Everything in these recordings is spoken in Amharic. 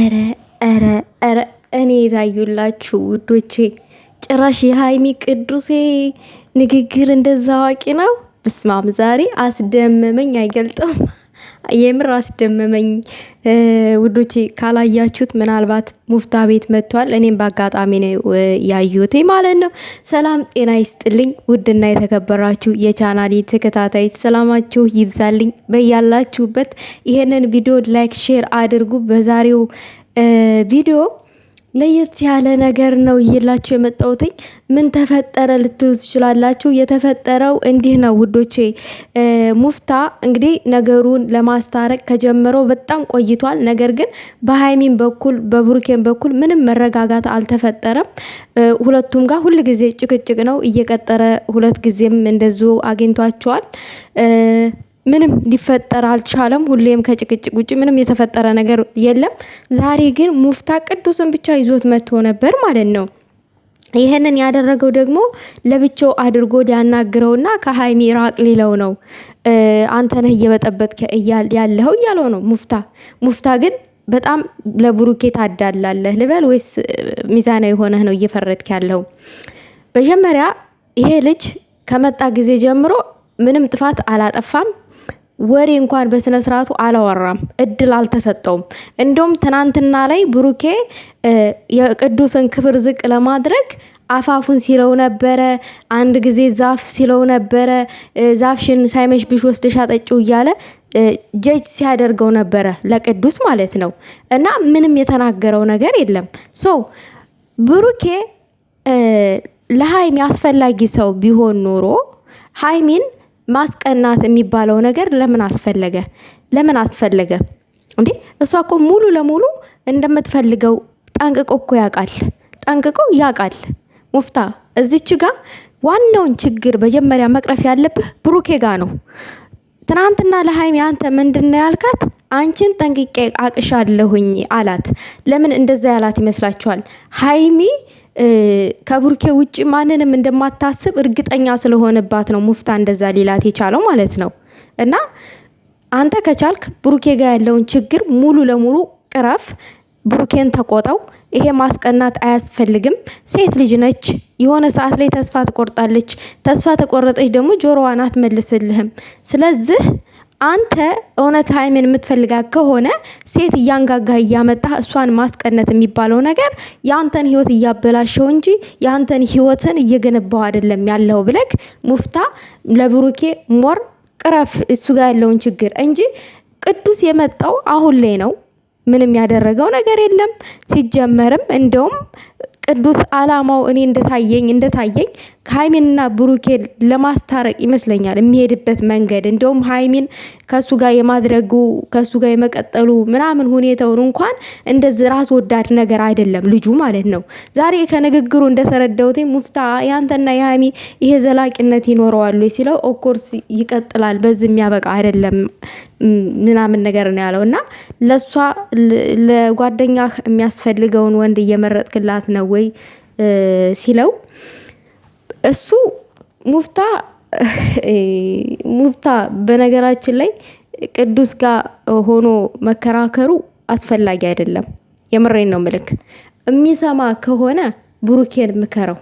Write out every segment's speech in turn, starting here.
ኧረ ኧረ ኧረ እኔ የታዩላችሁ ውዶቼ፣ ጭራሽ የሀይሚ ቅዱሴ ንግግር እንደዛ አዋቂ ነው። በስማም ዛሬ አስደመመኝ አይገልጥም። የምር አስደመመኝ። ውዶች። ካላያችሁት ምናልባት ሙፍታ ቤት መጥቷል። እኔም በአጋጣሚ ነው ያዩት ማለት ነው። ሰላም ጤና ይስጥልኝ። ውድና የተከበራችሁ የቻናሌ ተከታታይ ሰላማችሁ ይብዛልኝ በያላችሁበት። ይህንን ቪዲዮ ላይክ፣ ሼር አድርጉ። በዛሬው ቪዲዮ ለየት ያለ ነገር ነው እየላችሁ የመጣሁትኝ። ምን ተፈጠረ ልትሉ ትችላላችሁ። የተፈጠረው እንዲህ ነው ውዶቼ። ሙፍታ እንግዲህ ነገሩን ለማስታረቅ ከጀመረው በጣም ቆይቷል። ነገር ግን በሀይሚን በኩል በብሩኬን በኩል ምንም መረጋጋት አልተፈጠረም። ሁለቱም ጋር ሁል ጊዜ ጭቅጭቅ ነው እየቀጠረ ሁለት ጊዜም እንደዚሁ አግኝቷቸዋል። ምንም ሊፈጠር አልቻለም። ሁሌም ከጭቅጭቅ ውጭ ምንም የተፈጠረ ነገር የለም። ዛሬ ግን ሙፍታ ቅዱስን ብቻ ይዞት መጥቶ ነበር ማለት ነው። ይህንን ያደረገው ደግሞ ለብቻው አድርጎ ሊያናግረውና ከሀይሚ ራቅ ሊለው ነው። አንተ ነህ እየበጠበጥክ ያለኸው እያለው ነው ሙፍታ። ሙፍታ ግን በጣም ለብሩኬ ታዳላለህ ልበል ወይስ ሚዛናዊ የሆነህ ነው እየፈረድክ ያለው? መጀመሪያ ይሄ ልጅ ከመጣ ጊዜ ጀምሮ ምንም ጥፋት አላጠፋም። ወሬ እንኳን በስነ ስርዓቱ አላወራም፣ እድል አልተሰጠውም። እንደውም ትናንትና ላይ ብሩኬ የቅዱስን ክብር ዝቅ ለማድረግ አፋፉን ሲለው ነበረ። አንድ ጊዜ ዛፍ ሲለው ነበረ። ዛፍሽን ሳይመሽ ብሽ ወስደሽ አጠጪው እያለ ጀጅ ሲያደርገው ነበረ፣ ለቅዱስ ማለት ነው። እና ምንም የተናገረው ነገር የለም። ሶ ብሩኬ ለሀይሚ አስፈላጊ ሰው ቢሆን ኖሮ ሀይሚን ማስቀናት የሚባለው ነገር ለምን አስፈለገ? ለምን አስፈለገ እንዴ? እሷ እኮ ሙሉ ለሙሉ እንደምትፈልገው ጠንቅቆ እኮ ያውቃል። ጠንቅቆ ያውቃል። ሙፍታ እዚች ጋ ዋናውን ችግር መጀመሪያ መቅረፍ ያለብህ ብሩኬ ጋ ነው። ትናንትና ለሀይሚ አንተ ምንድን ነው ያልካት? አንቺን ጠንቅቄ አቅሻለሁኝ አላት። ለምን እንደዛ ያላት ይመስላችኋል? ሀይሚ ከቡርኬ ውጭ ማንንም እንደማታስብ እርግጠኛ ስለሆነባት ነው ሙፍታ እንደዛ ሊላት የቻለው ማለት ነው። እና አንተ ከቻልክ ብሩኬ ጋር ያለውን ችግር ሙሉ ለሙሉ ቅረፍ፣ ብሩኬን ተቆጠው። ይሄ ማስቀናት አያስፈልግም። ሴት ልጅ ነች፣ የሆነ ሰዓት ላይ ተስፋ ትቆርጣለች። ተስፋ ተቆረጠች ደግሞ ጆሮዋን አትመልስልህም። ስለዚህ አንተ እውነት ሀይሚን የምትፈልጋት ከሆነ ሴት እያንጋጋ እያመጣ እሷን ማስቀነት የሚባለው ነገር የአንተን ህይወት እያበላሸው እንጂ የአንተን ህይወትን እየገነባው አይደለም ያለው ብለክ ሙፍታ ለብሩኬ ሞር ቅረፍ እሱ ጋር ያለውን ችግር እንጂ ቅዱስ የመጣው አሁን ላይ ነው። ምንም ያደረገው ነገር የለም ሲጀመርም እንደውም ቅዱስ አላማው እኔ እንደታየኝ እንደታየኝ ሀይሚንና ብሩኬን ለማስታረቅ ይመስለኛል የሚሄድበት መንገድ። እንደውም ሀይሚን ከሱ ጋር የማድረጉ ከእሱ ጋር የመቀጠሉ ምናምን ሁኔታውን እንኳን እንደዚህ ራስ ወዳድ ነገር አይደለም ልጁ ማለት ነው። ዛሬ ከንግግሩ እንደተረዳሁት ሙፍታ ያንተና የሀይሚ ይሄ ዘላቂነት ይኖረዋሉ ሲለው ኦኮርስ ይቀጥላል፣ በዚህ የሚያበቃ አይደለም ምናምን ነገር ነው ያለው እና ለእሷ ለጓደኛህ የሚያስፈልገውን ወንድ እየመረጥክላት ነው ወይ ሲለው እሱ ሙፍታ ሙፍታ በነገራችን ላይ ቅዱስ ጋር ሆኖ መከራከሩ አስፈላጊ አይደለም። የምሬን ነው ምልክ የሚሰማ ከሆነ ብሩኬን ምከረው።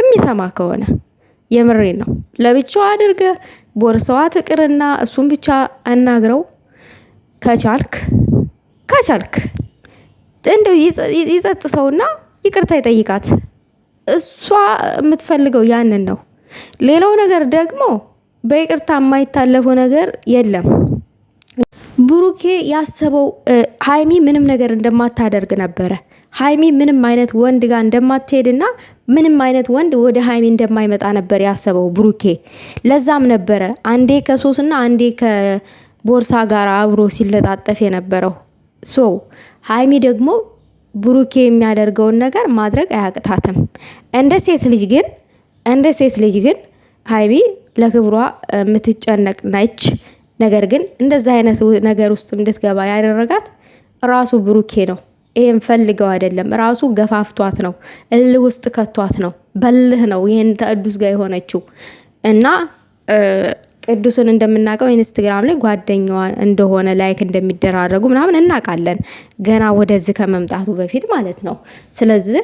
የሚሰማ ከሆነ የምሬን ነው ለብቻው አድርገ ቦርሰዋ ትቅርና እሱን ብቻ አናግረው ከቻልክ ከቻልክ እንደው ይጸጥ ሰውና ይቅርታ ይጠይቃት። እሷ የምትፈልገው ያንን ነው። ሌላው ነገር ደግሞ በይቅርታ የማይታለፉ ነገር የለም። ብሩኬ ያሰበው ሀይሚ ምንም ነገር እንደማታደርግ ነበረ። ሀይሚ ምንም አይነት ወንድ ጋር እንደማትሄድና ምንም አይነት ወንድ ወደ ሀይሚ እንደማይመጣ ነበር ያሰበው ብሩኬ። ለዛም ነበረ አንዴ ከሶስና አንዴ ከቦርሳ ጋር አብሮ ሲለጣጠፍ የነበረው ሶ ሀይሚ ደግሞ ብሩኬ የሚያደርገውን ነገር ማድረግ አያቅታትም። እንደ ሴት ልጅ ግን እንደ ሴት ልጅ ግን ሀይሚ ለክብሯ የምትጨነቅ ነች። ነገር ግን እንደዛ አይነት ነገር ውስጥ እንድትገባ ያደረጋት ራሱ ብሩኬ ነው። ይህም ፈልገው አይደለም፣ ራሱ ገፋፍቷት ነው፣ እልህ ውስጥ ከቷት ነው፣ በልህ ነው ይህን ተዕዱስ ጋር የሆነችው እና ቅዱስን እንደምናውቀው ኢንስትግራም ላይ ጓደኛዋ እንደሆነ ላይክ እንደሚደራረጉ ምናምን እናውቃለን፣ ገና ወደዚህ ከመምጣቱ በፊት ማለት ነው። ስለዚህ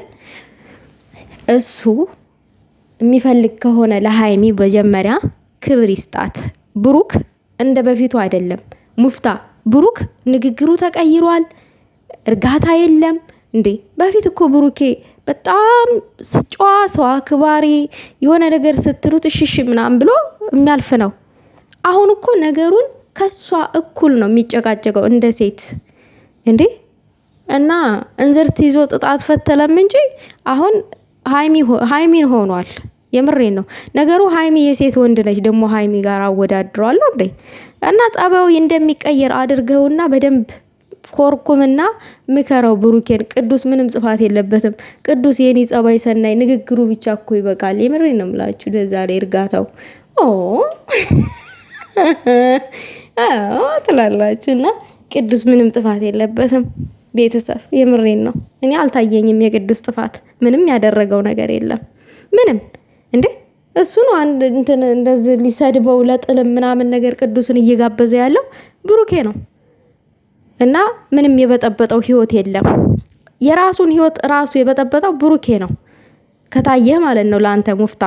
እሱ የሚፈልግ ከሆነ ለሀይሚ መጀመሪያ ክብር ይስጣት። ብሩክ እንደ በፊቱ አይደለም። ሙፍታ ብሩክ ንግግሩ ተቀይሯል። እርጋታ የለም እንዴ! በፊት እኮ ብሩኬ በጣም ስጫዋ ሰው፣ አክባሪ የሆነ ነገር ስትሉት እሽሽ ምናምን ብሎ የሚያልፍ ነው። አሁን እኮ ነገሩን ከሷ እኩል ነው የሚጨቃጨቀው እንደ ሴት እንዴ። እና እንዝርት ይዞ ጥጣት ፈተለም እንጂ አሁን ሀይሚን ሆኗል። የምሬን ነው ነገሩ። ሀይሚ የሴት ወንድ ነች፣ ደግሞ ሀይሚ ጋር አወዳድረዋለሁ እንዴ። እና ጸባዩ እንደሚቀየር አድርገውና በደንብ ኮርኩምና ምከረው ብሩኬን። ቅዱስ ምንም ጽፋት የለበትም። ቅዱስ የኔ ጸባይ ሰናይ፣ ንግግሩ ብቻ እኮ ይበቃል። የምሬን ነው የምላችሁ። ዛሬ እርጋታው አዎ ትላላችሁ። እና ቅዱስ ምንም ጥፋት የለበትም ቤተሰብ፣ የምሬን ነው። እኔ አልታየኝም የቅዱስ ጥፋት። ምንም ያደረገው ነገር የለም ምንም። እንዴ እሱ ነው አንድ እንትን እንደዚህ ሊሰድበው ለጥልም ምናምን ነገር ቅዱስን እየጋበዘ ያለው ብሩኬ ነው። እና ምንም የበጠበጠው ህይወት የለም። የራሱን ህይወት ራሱ የበጠበጠው ብሩኬ ነው። ከታየህ ማለት ነው ለአንተ ሙፍታ